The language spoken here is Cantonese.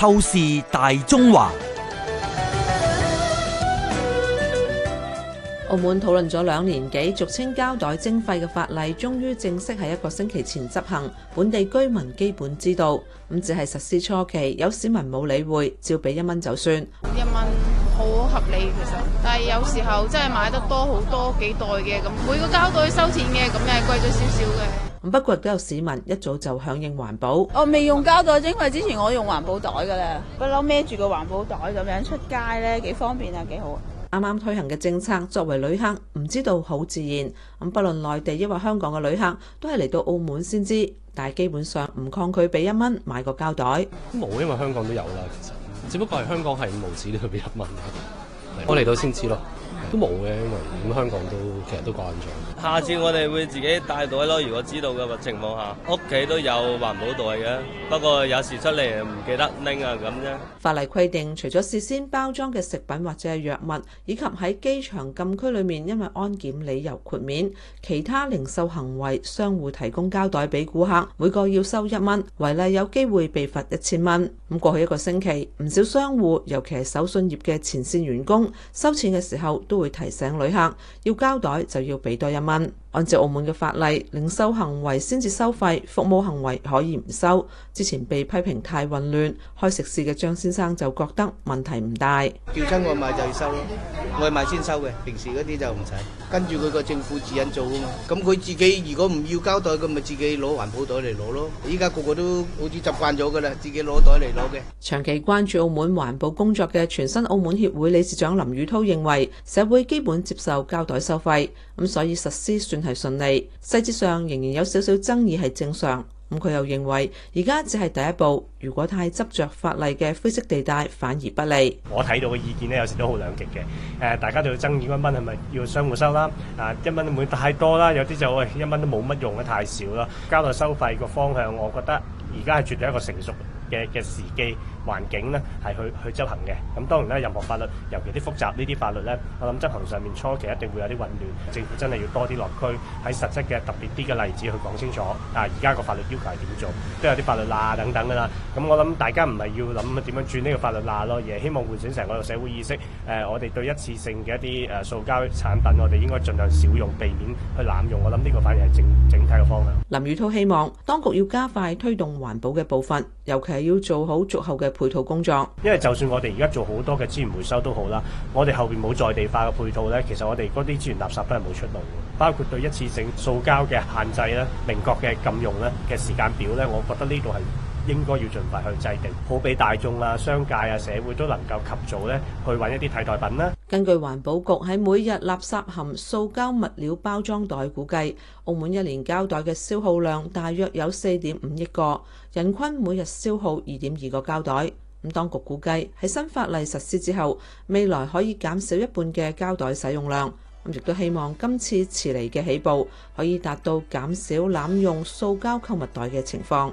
透視大中華，澳門討論咗兩年幾，俗稱膠袋徵費嘅法例，終於正式喺一個星期前執行。本地居民基本知道，咁只係實施初期，有市民冇理會，照俾一蚊就算。一蚊。你其實，但係有時候真係買得多好多幾袋嘅咁，每個膠袋收錢嘅咁，又係貴咗少少嘅。咁不過都有市民一早就響應環保。我未用膠袋，因為之前我用環保袋噶啦，不嬲孭住個環保袋咁樣出街咧，幾方便啊，幾好啊。啱啱推行嘅政策，作為旅客唔知道好自然。咁不論內地抑或香港嘅旅客，都係嚟到澳門先知。但係基本上唔抗拒俾一蚊買個膠袋。冇，因為香港都有啦，其實只不過係香港係無紙都度俾一蚊。我嚟到先知咯。都冇嘅，因為咁香港都其實都慣咗。下次我哋會自己帶袋咯。如果知道嘅情況下，屋企都有環保袋嘅。不過有時出嚟唔記得拎啊咁啫。法例規定，除咗事先包裝嘅食品或者係藥物，以及喺機場禁區裏面因為安檢理由豁免，其他零售行為，商戶提供膠袋俾顧客，每個要收一蚊，違例有機會被罰一千蚊。咁過去一個星期，唔少商戶，尤其係手信業嘅前線員工，收錢嘅時候，都會提醒旅客要膠袋就要俾多一蚊。按照澳門嘅法例，領收零售行為先至收費，服務行為可以唔收。之前被批評太混亂，開食肆嘅張先生就覺得問題唔大。叫親外賣就要收咯，外賣先收嘅，平時嗰啲就唔使。跟住佢個政府指引做㗎嘛，咁佢自己如果唔要膠袋，咁咪自己攞環保袋嚟攞咯。依家個個都好似習慣咗㗎喇，自己攞袋嚟攞嘅。長期關注澳門環保工作嘅全新澳門協會理事長林宇濤認為，社會基本接受膠袋收費，咁所以實施算算係順利，細節上仍然有少少爭議係正常。咁佢又認為，而家只係第一步。如果太執着法例嘅灰色地帶，反而不利。我睇到嘅意見呢，有時都好兩極嘅。誒，大家都要爭議一蚊係咪要相互收啦？啊，一蚊都唔會太多啦，有啲就喂一蚊都冇乜用嘅，太少啦。交通收費個方向，我覺得而家係絕對一個成熟嘅嘅時機。環境呢係去去執行嘅。咁當然啦，任何法律，尤其啲複雜呢啲法律呢，我諗執行上面初期一定會有啲混亂，政府真係要多啲落區喺實質嘅特別啲嘅例子去講清楚，啊而家個法律要求係點做，都有啲法律罅、啊、等等㗎啦，咁我諗大家唔係要諗點樣轉呢個法律罅、啊、咯，而係希望喚醒成個社會意識，我哋對一次性嘅一啲塑膠產品，我哋應該儘量少用，避免去濫用，我諗呢個反而係整整體嘅方向。林宇滔希望當局要加快推動環保嘅步伐，尤其係要做好足後嘅配套工作，因為就算我哋而家做好多嘅資源回收都好啦，我哋後邊冇在地化嘅配套呢，其實我哋嗰啲資源垃圾都係冇出路嘅。包括對一次性塑膠嘅限制咧、明確嘅禁用呢嘅時間表呢，我覺得呢度係應該要盡快去制定，好俾大眾啊、商界啊、社會都能夠及早呢去揾一啲替代品啦。根據環保局喺每日垃圾含塑膠物料包裝袋估計，澳門一年膠袋嘅消耗量大約有四點五億個，人均每日消耗二點二個膠袋。咁當局估計喺新法例實施之後，未來可以減少一半嘅膠袋使用量。咁亦都希望今次遲嚟嘅起步可以達到減少濫用塑膠購物袋嘅情況。